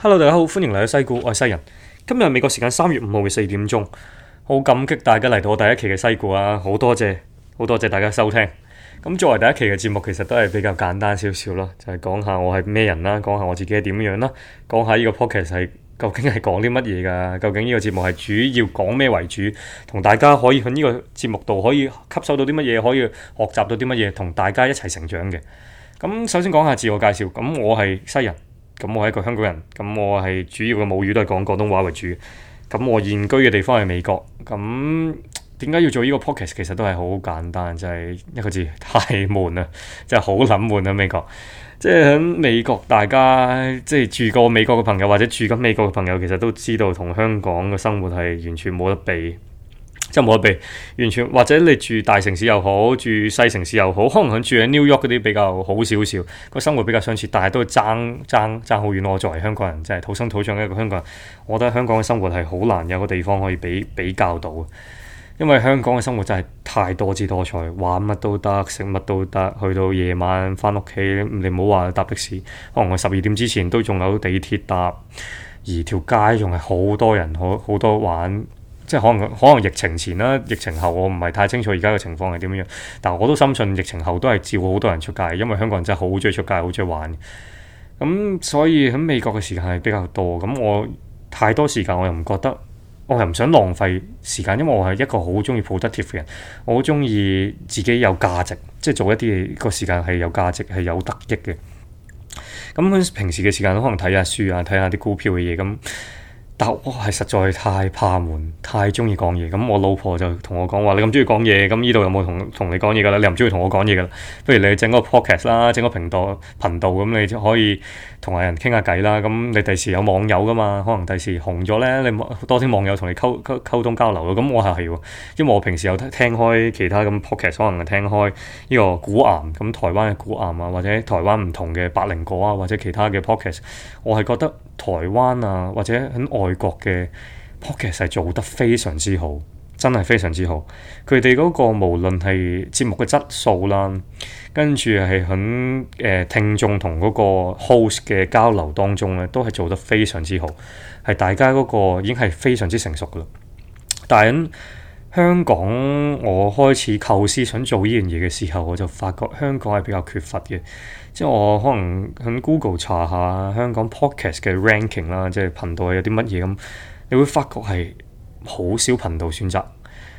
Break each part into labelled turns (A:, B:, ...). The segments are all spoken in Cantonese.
A: Hello，大家好，歡迎嚟到西股，我係西人。今日係美國時間三月五號嘅四點鐘，好感激大家嚟到我第一期嘅西股啊！好多謝，好多謝大家收聽。咁作為第一期嘅節目，其實都係比較簡單少少啦，就係、是、講下我係咩人啦，講下我自己係點樣啦，講下呢個 Podcast 係究竟係講啲乜嘢噶，究竟呢個節目係主要講咩為主，同大家可以喺呢個節目度可以吸收到啲乜嘢，可以學習到啲乜嘢，同大家一齊成長嘅。咁首先講下自我介紹，咁我係西人。咁、嗯、我係一個香港人，咁、嗯、我係主要嘅母語都係講廣東話為主。咁、嗯、我現居嘅地方係美國，咁點解要做呢個 Podcast？其實都係好簡單，就係、是、一個字，太悶啦，真係好撚悶啦，美國。即係喺美國，大家即係住過美國嘅朋友或者住緊美國嘅朋友，其實都知道同香港嘅生活係完全冇得比。即冇得避完全，或者你住大城市又好、住細城市又好，可能住喺 New York 嗰啲比較好少少，個生活比較相似，但係都爭爭爭好遠咯。我作為香港人，真係土生土長嘅一個香港人，我覺得香港嘅生活係好難有個地方可以比比較到，因為香港嘅生活真係太多姿多彩，玩乜都得，食乜都得，去到夜晚翻屋企，你唔好話搭的士，可能我十二點之前都仲有地鐵搭，而條街仲係好多人，好好多玩。即係可能可能疫情前啦，疫情後我唔係太清楚而家嘅情況係點樣。但我都深信疫情後都係照好多人出街，因為香港人真係好中意出街，好中意玩。咁所以喺美國嘅時間係比較多。咁我太多時間，我又唔覺得，我又唔想浪費時間，因為我係一個好中意 productive 嘅人，我好中意自己有價值，即係做一啲嘢個時間係有價值係有得益嘅。咁平時嘅時間都可能睇下書啊，睇下啲股票嘅嘢咁。但我係實在太怕悶，太中意講嘢。咁我老婆就同我講話：你咁中意講嘢，咁呢度有冇同同你講嘢㗎啦？你又唔中意同我講嘢㗎啦，不如你整個 podcast 啦，整個頻道頻道咁，你就可以。同下人傾下偈啦，咁你第時有網友噶嘛？可能第時紅咗呢，你多啲網友同你溝溝溝通交流咯。咁我係係因為我平時有聽，聽開其他嘅 podcast，可能聽開呢個股癌，咁台灣嘅股癌啊，或者台灣唔同嘅百靈果啊，或者其他嘅 podcast，我係覺得台灣啊或者喺外國嘅 podcast 係做得非常之好。真係非常之好，佢哋嗰個無論係節目嘅質素啦，跟住係響誒聽眾同嗰個 host 嘅交流當中咧，都係做得非常之好，係大家嗰個已經係非常之成熟噶啦。但係香港，我開始構思想做呢樣嘢嘅時候，我就發覺香港係比較缺乏嘅，即係我可能喺 Google 查下香港 podcast 嘅 ranking 啦，即係頻道有啲乜嘢咁，你會發覺係。好少頻道選擇，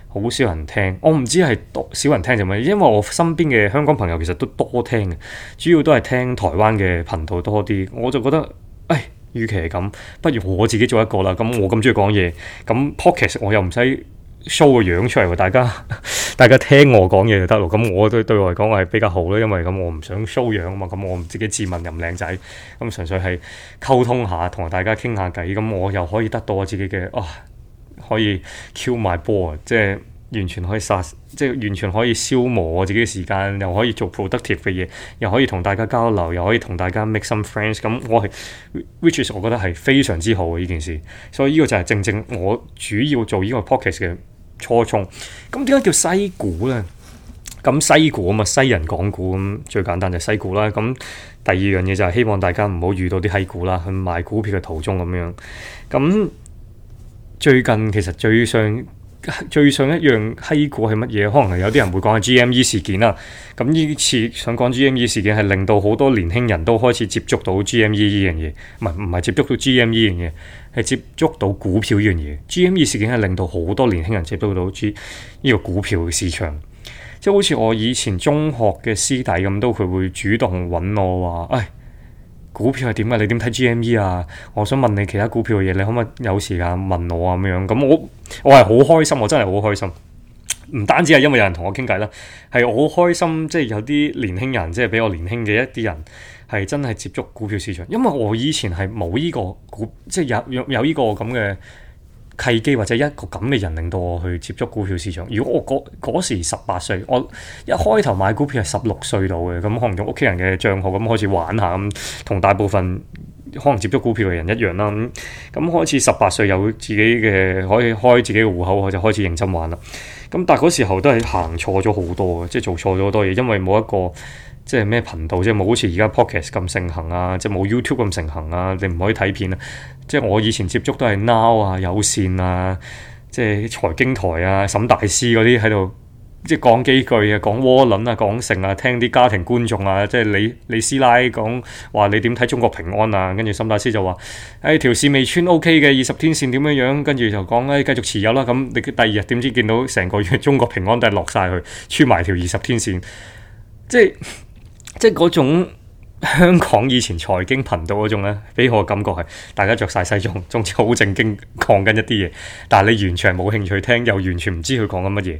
A: 好少人聽。我唔知係多少人聽就乜，因為我身邊嘅香港朋友其實都多聽嘅，主要都係聽台灣嘅頻道多啲。我就覺得，唉，與其係咁，不如我自己做一個啦。咁我咁中意講嘢，咁 podcast 我又唔使 show 個樣出嚟喎。大家大家聽我講嘢就得咯。咁我都對，對我嚟講係比較好咧，因為咁我唔想 show 樣啊嘛。咁我唔自己自問又唔靚仔，咁純粹係溝通下，同大家傾下偈。咁我又可以得到我自己嘅啊～.可以 kill 埋波啊！即係完全可以殺，即係完全可以消磨我自己嘅時間，又可以做 productive 嘅嘢，又可以同大家交流，又可以同大家 make some friends。咁我係，which is 我覺得係非常之好嘅呢件事。所以呢個就係正正我主要做呢個 podcast 嘅初衷。咁點解叫西股咧？咁西股啊嘛，西人講股咁最簡單就係西股啦。咁第二樣嘢就係希望大家唔好遇到啲嘿股啦，去買股票嘅途中咁樣咁。最近其實最上最上一樣嘿股係乜嘢？可能係有啲人會講 GME 事件啦。咁呢次想講 GME 事件係令到好多年輕人都開始接觸到 GME 呢樣嘢，唔係唔係接觸到 GME 呢樣嘢，係接觸到股票呢樣嘢。GME 事件係令到好多年輕人接觸到 G 呢個股票嘅市場。即係好似我以前中學嘅師弟咁，都佢會主動揾我話，唉。股票係點啊？你點睇 GME 啊？我想問你其他股票嘅嘢，你可唔可以有時間問我啊？咁樣，咁我我係好開心，我真係好開心。唔單止係因為有人同我傾偈啦，係我好開心，即係有啲年輕人，即係比我年輕嘅一啲人，係真係接觸股票市場。因為我以前係冇呢個股，即係有有有呢個咁嘅。契機或者一個咁嘅人令到我去接觸股票市場。如果我嗰時十八歲，我一開頭買股票係十六歲到嘅，咁可能用屋企人嘅賬號咁開始玩下咁，同大部分，可能接觸股票嘅人一樣啦，咁咁開始十八歲有自己嘅，可以開自己嘅戶口，我就開始認真玩啦。咁但係嗰時候都係行錯咗好多，即係做錯咗好多嘢，因為冇一個即係咩頻道，即係冇好似而家 Podcast 咁盛行啊，即係冇 YouTube 咁盛行啊，你唔可以睇片啊。即係我以前接觸都係 Now 啊、有線啊，即係財經台啊、沈大師嗰啲喺度。即係講幾句講論啊，講窩輪啊，講成啊，聽啲家庭觀眾啊，即係你李師奶講話，你點睇中國平安啊，跟住沈大師就話，誒、哎，條線未穿，O K 嘅二十天線點樣樣，跟住就講咧，繼、哎、續持有啦，啊。咁你第二日點知見到成個月中國平安都係落晒去，穿埋條二十天線，即係即係嗰種香港以前財經頻道嗰種咧，俾我感覺係大家着晒西裝，仲係好正經講緊一啲嘢，但係你完全冇興趣聽，又完全唔知佢講緊乜嘢。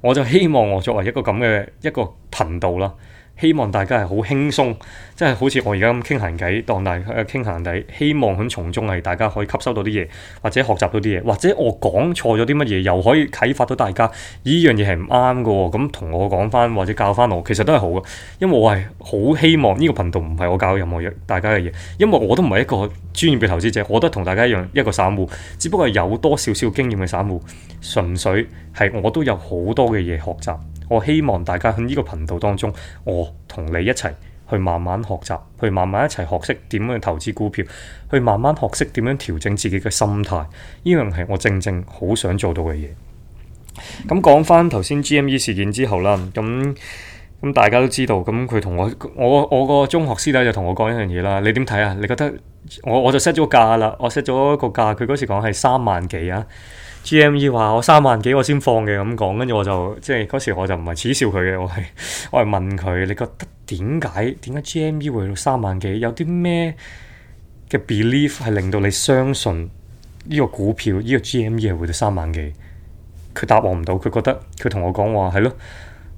A: 我就希望我作為一個咁嘅一個頻道啦。希望大家係好輕鬆，即係好似我而家咁傾閒偈，當大家傾閒偈。希望喺從中係大家可以吸收到啲嘢，或者學習到啲嘢，或者我講錯咗啲乜嘢，又可以啟發到大家。依樣嘢係唔啱嘅，咁同我講翻或者教翻我，其實都係好嘅。因為我係好希望呢個頻道唔係我教任何嘢，大家嘅嘢。因為我都唔係一個專業嘅投資者，我都係同大家一樣一個散戶，只不過係有多少少經驗嘅散戶。純粹係我都有好多嘅嘢學習。我希望大家喺呢個頻道當中，我同你一齊去慢慢學習，去慢慢一齊學識點樣投資股票，去慢慢學識點樣調整自己嘅心態。呢樣係我正正好想做到嘅嘢。咁講翻頭先 GME 事件之後啦，咁咁大家都知道，咁佢同我我我個中學師弟就同我講一樣嘢啦。你點睇啊？你覺得我我就 set 咗價啦，我 set 咗一個價，佢嗰時講係三萬幾啊。GME 話我三萬幾我先放嘅，咁講，跟住我就即係嗰時我就唔係恥笑佢嘅，我係我係問佢，你覺得點解點解 GME 會到三萬幾？有啲咩嘅 belief 係令到你相信呢個股票呢個 GME 係會到三萬幾？佢答我唔到，佢覺得佢同我講話係咯，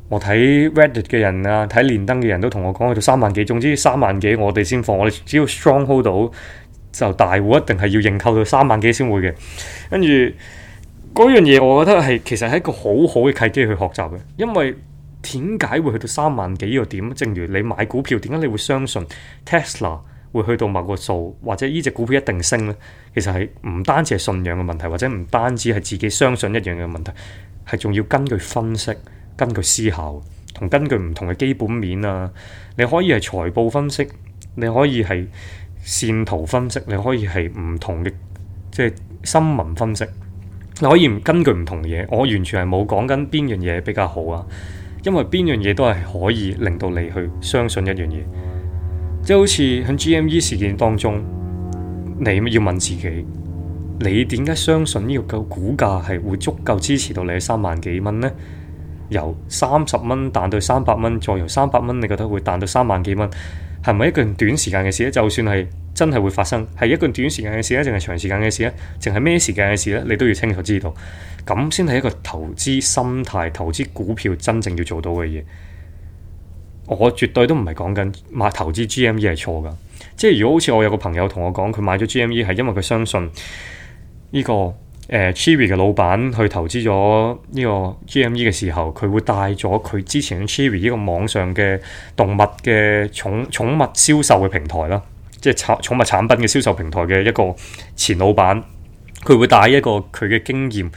A: 我睇 Reddit 嘅人啊，睇連登嘅人都同我講去到三萬幾，總之三萬幾我哋先放，我哋只要 strong hold 到就大戶一定係要認購到三萬幾先會嘅，跟住。嗰樣嘢，我覺得係其實係一個好好嘅契機去學習嘅，因為點解會去到三萬幾個點？正如你買股票，點解你會相信 Tesla 會去到某個數，或者呢隻股票一定升呢？其實係唔單止係信仰嘅問題，或者唔單止係自己相信一樣嘅問題，係仲要根據分析、根據思考，同根據唔同嘅基本面啊。你可以係財報分析，你可以係線圖分析，你可以係唔同嘅即係新聞分析。可以根據唔同嘢，我完全係冇講緊邊樣嘢比較好啊，因為邊樣嘢都係可以令到你去相信一樣嘢，即係好似喺 GME 事件當中，你要問自己，你點解相信呢個股股價係會足夠支持到你三萬幾蚊呢？由三十蚊彈到三百蚊，再由三百蚊你覺得會彈到三萬幾蚊，係咪一件短時間嘅事咧？就算係。真係會發生係一個短時間嘅事咧、啊，定係長時間嘅事咧、啊？定係咩時間嘅事咧、啊？你都要清楚知道，咁先係一個投資心態。投資股票真正要做到嘅嘢，我絕對都唔係講緊買投資 G M E 係錯噶。即係如果好似我有個朋友同我講，佢買咗 G M E 係因為佢相信呢、這個誒、呃、Chewy 嘅老闆去投資咗呢個 G M E 嘅時候，佢會帶咗佢之前嘅 Chewy 呢個網上嘅動物嘅寵寵物銷售嘅平台啦。即係寵寵物產品嘅銷售平台嘅一個前老闆，佢會帶一個佢嘅經驗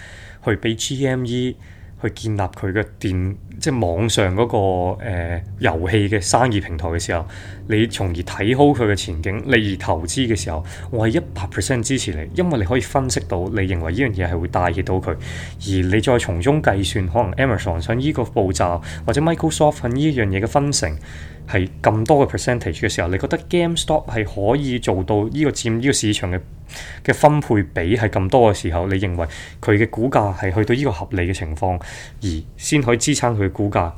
A: 去俾 GME 去建立佢嘅電即係網上嗰、那個誒遊戲嘅生意平台嘅時候，你從而睇好佢嘅前景，你而投資嘅時候，我係一百 percent 支持你，因為你可以分析到你認為呢樣嘢係會帶挈到佢，而你再從中計算可能 Amazon 想依個步驟或者 Microsoft 呢依樣嘢嘅分成。係咁多嘅 percentage 嘅時候，你覺得 GameStop 係可以做到呢個佔呢個市場嘅嘅分配比係咁多嘅時候，你認為佢嘅股價係去到呢個合理嘅情況，而先可以支撐佢嘅股價？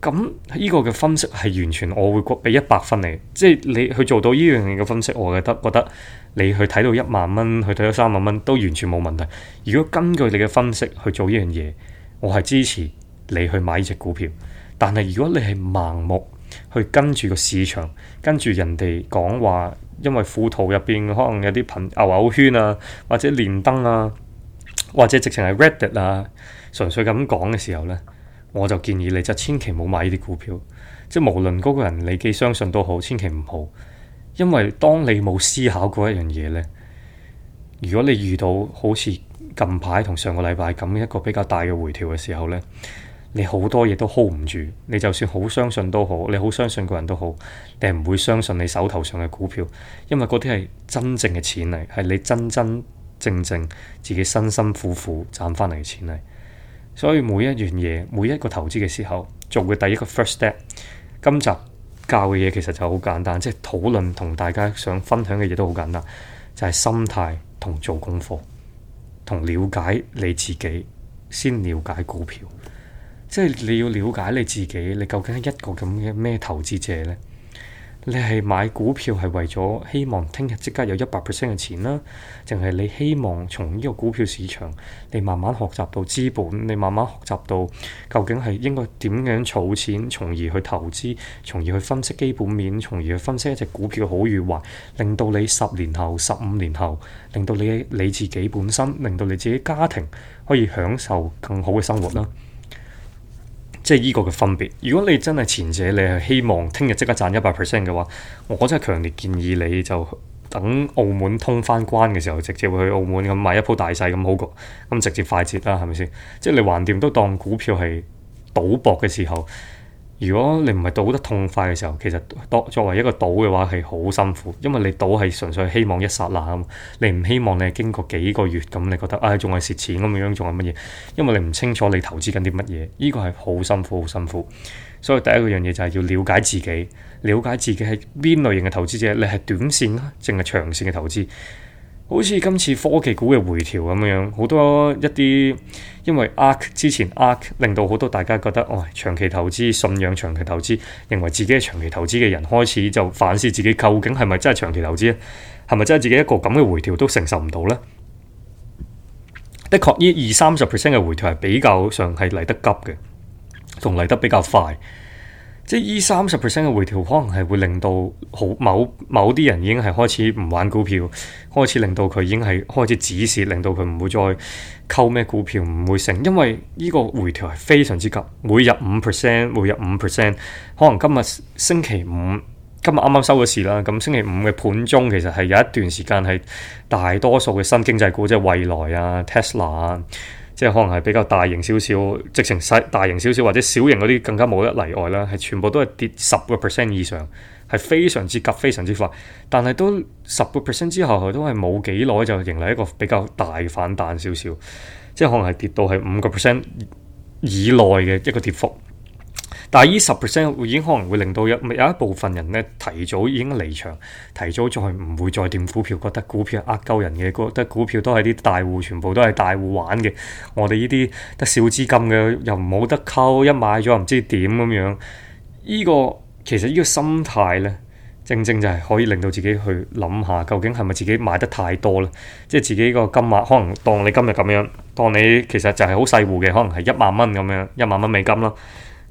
A: 咁呢個嘅分析係完全我會俾一百分你。即係你去做到呢樣嘢嘅分析，我覺得覺得你去睇到一萬蚊，去睇到三萬蚊都完全冇問題。如果根據你嘅分析去做呢樣嘢，我係支持你去買呢隻股票。但係如果你係盲目，去跟住個市場，跟住人哋講話，因為富途入邊可能有啲朋牛牛圈啊，或者連登啊，或者直情係 Reddit 啊，純粹咁講嘅時候呢，我就建議你就千祈冇買呢啲股票，即係無論嗰個人你幾相信都好，千祈唔好，因為當你冇思考過一樣嘢呢，如果你遇到好似近排同上個禮拜咁一個比較大嘅回調嘅時候呢。你好多嘢都 hold 唔住，你就算好相信都好，你好相信個人都好，你唔會相信你手頭上嘅股票，因為嗰啲係真正嘅錢嚟，係你真真正正自己辛辛苦苦賺翻嚟嘅錢嚟。所以每一樣嘢，每一個投資嘅時候，做嘅第一個 first step，今集教嘅嘢其實就好簡單，即係討論同大家想分享嘅嘢都好簡單，就係心態同做功課，同了解你自己先了解股票。即係你要了解你自己，你究竟係一個咁嘅咩投資者呢？你係買股票係為咗希望聽日即刻有一百 percent 嘅錢啦，定係你希望從呢個股票市場，你慢慢學習到資本，你慢慢學習到究竟係應該點樣儲錢，從而去投資，從而去分析基本面，從而去分析一隻股票好與壞，令到你十年後、十五年後，令到你你自己本身，令到你自己家庭可以享受更好嘅生活啦。即係依個嘅分別。如果你真係前者，你係希望聽日即刻賺一百 percent 嘅話，我真係強烈建議你就等澳門通翻關嘅時候，直接會去澳門咁買一鋪大細咁好過，咁直接快捷啦，係咪先？即係你橫掂都當股票係賭博嘅時候。如果你唔係賭得痛快嘅時候，其實作為一個賭嘅話係好辛苦，因為你賭係純粹希望一剎那啊，你唔希望你係經過幾個月咁，你覺得唉仲係蝕錢咁樣，仲係乜嘢？因為你唔清楚你投資緊啲乜嘢，呢個係好辛苦，好辛苦。所以第一個樣嘢就係要了解自己，了解自己係邊類型嘅投資者，你係短線啊，定係長線嘅投資。好似今次科技股嘅回調咁樣，好多一啲因為 ARK 之前 ARK 令到好多大家覺得，喂、哎，長期投資、信仰長期投資，認為自己係長期投資嘅人，開始就反思自己究竟係咪真係長期投資啊？係咪真係自己一個咁嘅回調都承受唔到呢？的確，呢二三十 percent 嘅回調係比較上係嚟得急嘅，同嚟得比較快。即係依三十 percent 嘅回調，可能係會令到好某某啲人已經係開始唔玩股票，開始令到佢已經係開始止蝕，令到佢唔會再溝咩股票，唔會成。因為呢個回調係非常之急，每日五 percent，每日五 percent，可能今日星期五，今日啱啱收咗市啦，咁星期五嘅盤中其實係有一段時間係大多數嘅新經濟股，即係蔚來啊、Tesla 啊。即係可能係比較大型少少，直情細大型少少或者小型嗰啲更加冇得例外啦，係全部都係跌十個 percent 以上，係非常之急，非常之快。但係都十個 percent 之後都係冇幾耐就迎嚟一個比較大反彈少少，即係可能係跌到係五個 percent 以內嘅一個跌幅。但係，呢十 percent 已經可能會令到有一有一部分人咧提早已經離場，提早再唔會再掂股票，覺得股票呃鳩人嘅，覺得股票都係啲大戶，全部都係大戶玩嘅。我哋呢啲得少資金嘅，又唔冇得溝，一買咗又唔知點咁樣。呢、呢個其實呢個心態咧，正正就係可以令到自己去諗下，究竟係咪自己買得太多啦？即係自己個金額，可能當你今日咁樣，當你其實就係好細戶嘅，可能係一萬蚊咁樣，一萬蚊美金啦。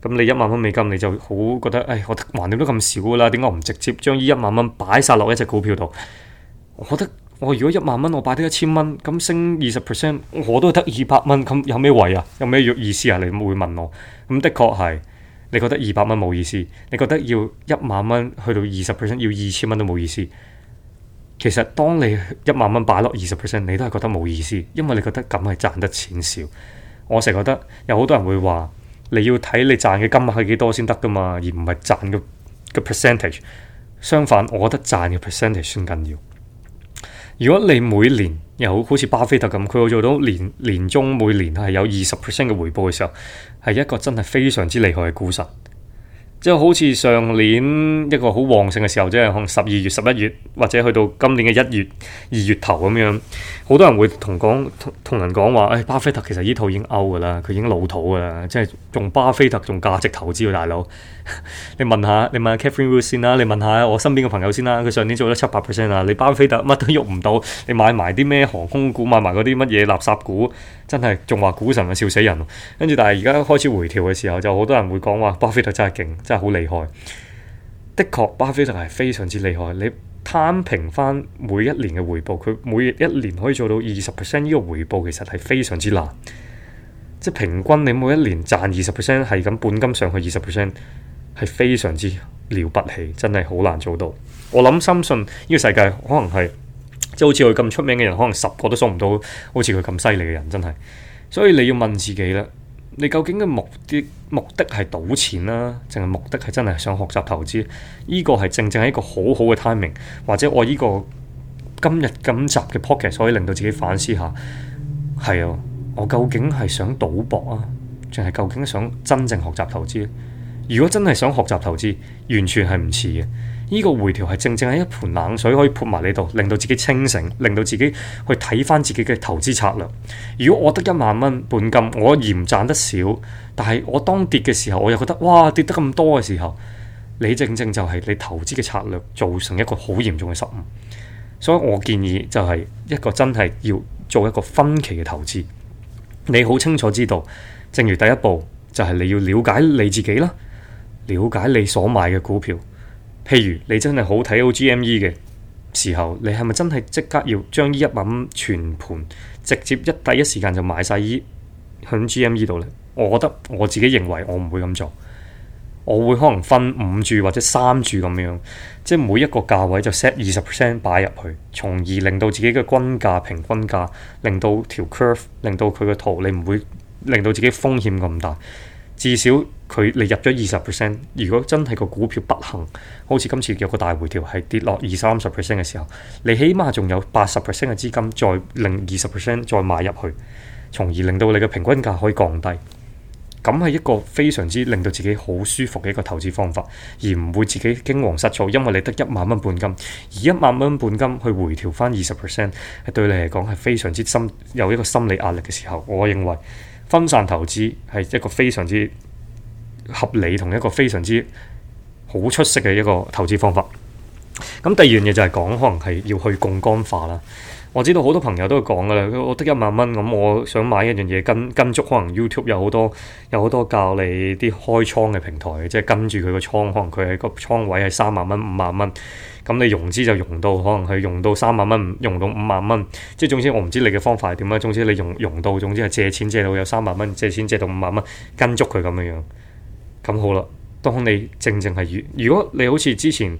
A: 咁你一萬蚊美金，你就好覺得，誒，我賺點都咁少噶啦，點解唔直接將呢一萬蚊擺晒落一隻股票度？我覺得，我如果一萬蚊，我擺啲一千蚊，咁升二十 percent，我都係得二百蚊，咁有咩位啊？有咩意意思啊？你會問我？咁的確係，你覺得二百蚊冇意思？你覺得要一萬蚊去到二十 percent，要二千蚊都冇意思？其實當你一萬蚊擺落二十 percent，你都係覺得冇意思，因為你覺得咁係賺得錢少。我成日覺得有好多人會話。你要睇你賺嘅金額係幾多先得噶嘛，而唔係賺嘅個 percentage。相反，我覺得賺嘅 percentage 先緊要。如果你每年又好似巴菲特咁，佢可做到年年中每年係有二十 percent 嘅回報嘅時候，係一個真係非常之厲害嘅股神。即係好似上年一個好旺盛嘅時候，即係可能十二月、十一月或者去到今年嘅一月、二月頭咁樣，好多人會同講同同人講話，誒、哎、巴菲特其實呢套已經 out 㗎啦，佢已經老土㗎啦，即係仲巴菲特仲價值投資大佬， 你問下你問 Catherine Wood 先啦，你問下我身邊嘅朋友先啦，佢上年做咗七百 percent 啊，你巴菲特乜都喐唔到，你買埋啲咩航空股，買埋嗰啲乜嘢垃圾股。真係仲話股神啊，笑死人！跟住，但係而家開始回調嘅時候，就好多人會講話巴菲特真係勁，真係好厲害。的確，巴菲特係非常之厲害。你攤平翻每一年嘅回報，佢每一年可以做到二十 percent 呢個回報，其實係非常之難。即係平均，你每一年賺二十 percent，係咁本金上去二十 percent，係非常之了不起，真係好難做到。我諗深信呢個世界可能係。都好似佢咁出名嘅人，可能十個都送唔到。好似佢咁犀利嘅人，真係。所以你要問自己啦，你究竟嘅目的目的係賭錢啦，定係目的係、啊、真係想學習投資？呢個係正正係一個好好嘅 timing，或者我呢、這個今日今集嘅 podcast 可以令到自己反思下，係啊，我究竟係想賭博啊，定係究竟想真正學習投資？如果真係想學習投資，完全係唔遲嘅。呢個回調係正正係一盆冷水可以潑埋你度，令到自己清醒，令到自己去睇翻自己嘅投資策略。如果我得一萬蚊本金，我嫌賺得少，但係我當跌嘅時候，我又覺得哇跌得咁多嘅時候，你正正就係你投資嘅策略造成一個好嚴重嘅失誤。所以我建議就係一個真係要做一個分期嘅投資。你好清楚知道，正如第一步，就係你要了解你自己啦。了解你所買嘅股票，譬如你真係好睇 GME 嘅時候，你係咪真係即刻要將呢一萬蚊全盤直接一第一時間就買晒呢喺 GME 度呢？我覺得我自己認為我唔會咁做，我會可能分五注或者三注咁樣，即係每一個價位就 set 二十 percent 擺入去，從而令到自己嘅均價、平均價，令到條 curve，令到佢嘅圖你唔會令到自己風險咁大。至少佢你入咗二十 percent，如果真係個股票不幸，好似今次有個大回調係跌落二三十 percent 嘅時候，你起碼仲有八十 percent 嘅資金再令二十 percent 再買入去，從而令到你嘅平均價可以降低。咁係一個非常之令到自己好舒服嘅一個投資方法，而唔會自己驚惶失措，因為你得一萬蚊本金，而一萬蚊本金去回調翻二十 percent，係對你嚟講係非常之心有一個心理壓力嘅時候，我認為。分散投資係一個非常之合理同一個非常之好出色嘅一個投資方法。咁第二樣嘢就係講可能係要去槓桿化啦。我知道好多朋友都會講㗎啦，我得一萬蚊，咁我想買一樣嘢跟跟足，可能 YouTube 有好多有好多教你啲開倉嘅平台，即係跟住佢個倉，可能佢喺個倉位係三萬蚊五萬蚊。咁你融資就融到，可能係融到三萬蚊，融到五萬蚊。即係總之，我唔知你嘅方法係點啦。總之你融融到，總之係借錢借到有三萬蚊，借錢借到五萬蚊，跟足佢咁樣樣。咁好啦，當你正正係如如果你好似之前，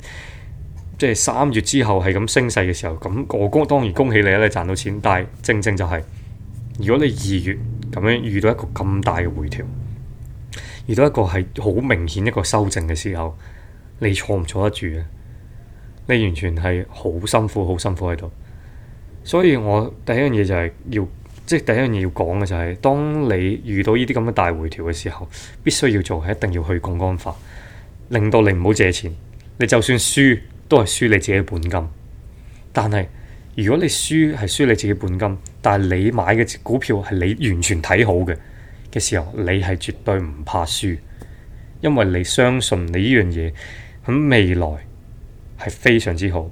A: 即係三月之後係咁升勢嘅時候，咁我恭當然恭喜你，你賺到錢。但係正正就係、是，如果你二月咁樣遇到一個咁大嘅回調，遇到一個係好明顯一個修正嘅時候，你坐唔坐得住呀？你完全係好辛苦，好辛苦喺度，所以我第一樣嘢就係要，即係第一樣嘢要講嘅就係、是，當你遇到呢啲咁嘅大回調嘅時候，必須要做係一定要去槓桿化，令到你唔好借錢，你就算輸都係輸你自己嘅本金。但係如果你輸係輸你自己本金，但係你買嘅股票係你完全睇好嘅嘅時候，你係絕對唔怕輸，因為你相信你呢樣嘢喺未來。係非常之好。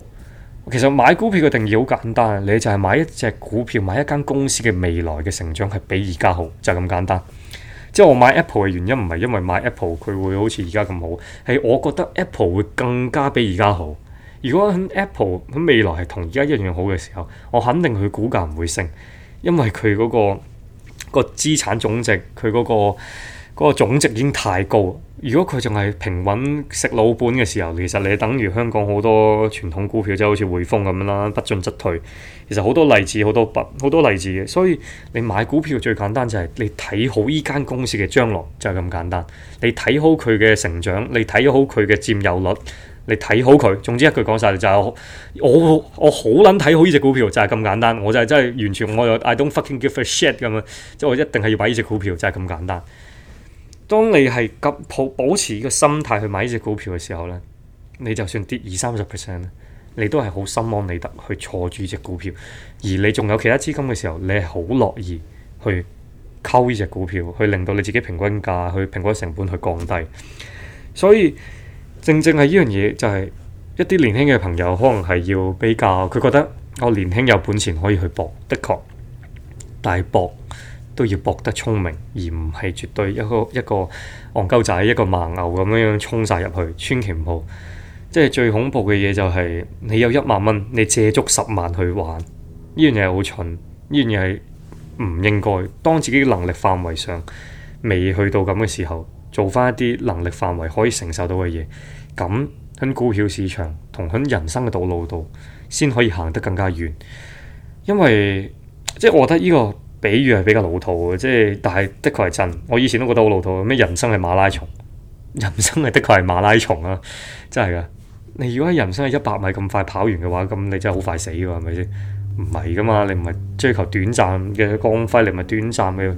A: 其實買股票嘅定義好簡單，你就係買一隻股票，買一間公司嘅未來嘅成長係比而家好，就咁簡單。即係我買 Apple 嘅原因唔係因為買 Apple 佢會好似而家咁好，係我覺得 Apple 會更加比而家好。如果 Apple 喺未來係同而家一樣好嘅時候，我肯定佢股價唔會升，因為佢嗰個個資產總值佢嗰個。.嗰個總值已經太高。如果佢仲係平穩食老本嘅時候，其實你等於香港好多傳統股票，即係好似匯豐咁樣啦，不進則退。其實好多例子，好多不，好多例子嘅。所以你買股票最簡單就係你睇好依間公司嘅將來就係、是、咁簡單。你睇好佢嘅成長，你睇好佢嘅佔有率，你睇好佢。總之一句講晒，就係、是、我我，我好撚睇好呢隻股票就係、是、咁簡單。我就係真係完全我有 I don't fucking give a shit 咁樣，即係我一定係要買呢隻股票就係、是、咁簡單。當你係咁保保持呢個心態去買呢隻股票嘅時候咧，你就算跌二三十 percent 你都係好心安理得去坐住呢隻股票，而你仲有其他資金嘅時候，你係好樂意去溝呢隻股票，去令到你自己平均價去平均成本去降低。所以正正係呢樣嘢就係一啲年輕嘅朋友可能係要比較，佢覺得我年輕有本錢可以去搏，的確但係搏。但都要博得聰明，而唔係絕對一個一個憨鳩仔、一個盲牛咁樣樣衝曬入去千祈唔好，即係最恐怖嘅嘢就係、是、你有一萬蚊，你借足十萬去玩呢樣嘢好蠢，呢樣嘢係唔應該，當自己能力範圍上未去到咁嘅時候，做翻一啲能力範圍可以承受到嘅嘢，咁喺股票市場同喺人生嘅道路度，先可以行得更加遠，因為即係我覺得呢、這個。比喻係比較老套嘅，即係，但係的確係真。我以前都覺得好老套，咩人生係馬拉松，人生係的確係馬拉松啊，真係㗎。你如果喺人生係一百米咁快跑完嘅話，咁你真係好快死喎，係咪先？唔係㗎嘛，你唔係追求短暫嘅光輝，你唔係短暫嘅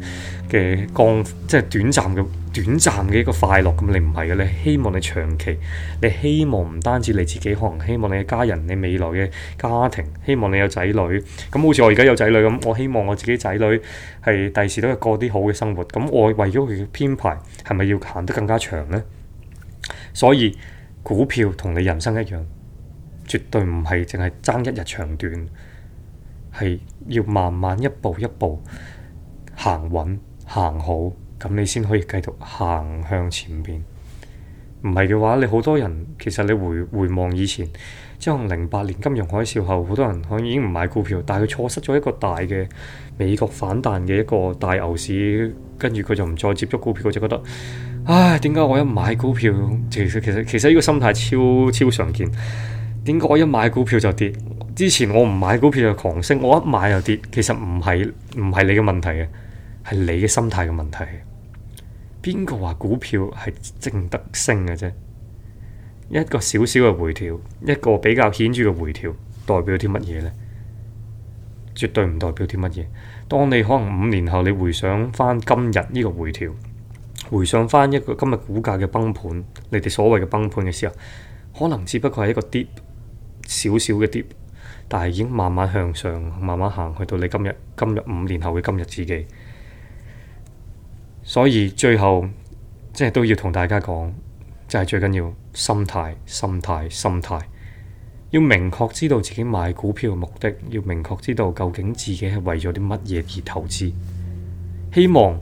A: 嘅光，即係短暫嘅短暫嘅一個快樂咁。你唔係嘅，你希望你長期，你希望唔單止你自己，可能希望你嘅家人，你未來嘅家庭，希望你有仔女。咁好似我而家有仔女咁，我希望我自己仔女係第時都係過啲好嘅生活。咁、嗯、我為咗佢嘅編排，係咪要行得更加長呢？所以股票同你人生一樣，絕對唔係淨係爭一日長短。係要慢慢一步一步行穩行好，咁你先可以繼續行向前邊。唔係嘅話，你好多人其實你回回望以前，即係零八年金融海嘯後，好多人可能已經唔買股票，但係佢錯失咗一個大嘅美國反彈嘅一個大牛市，跟住佢就唔再接觸股票，佢就覺得，唉，點解我一買股票，其實其實其實呢個心態超超常見。點解我一買股票就跌？之前我唔買股票就狂升，我一買就跌。其實唔係唔係你嘅問題嘅，係你嘅心態嘅問題。邊個話股票係正得升嘅啫？一個小小嘅回調，一個比較顯著嘅回調，代表啲乜嘢呢？絕對唔代表啲乜嘢。當你可能五年後你回想翻今日呢個回調，回想翻一個今日股價嘅崩盤，你哋所謂嘅崩盤嘅時候，可能只不過係一個跌。少少嘅啲，小小 dip，但係已經慢慢向上，慢慢行去到你今日，今日五年後嘅今日自己。所以最後即係都要同大家講，即係最緊要心態、心態、心態，要明確知道自己買股票嘅目的，要明確知道究竟自己係為咗啲乜嘢而投資。希望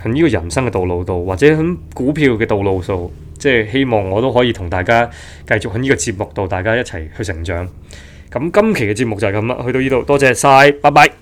A: 喺呢個人生嘅道路度，或者喺股票嘅道路數。即係希望我都可以同大家繼續喺呢個節目度，大家一齊去成長。咁今期嘅節目就係咁啦，去到呢度，多謝晒，拜拜。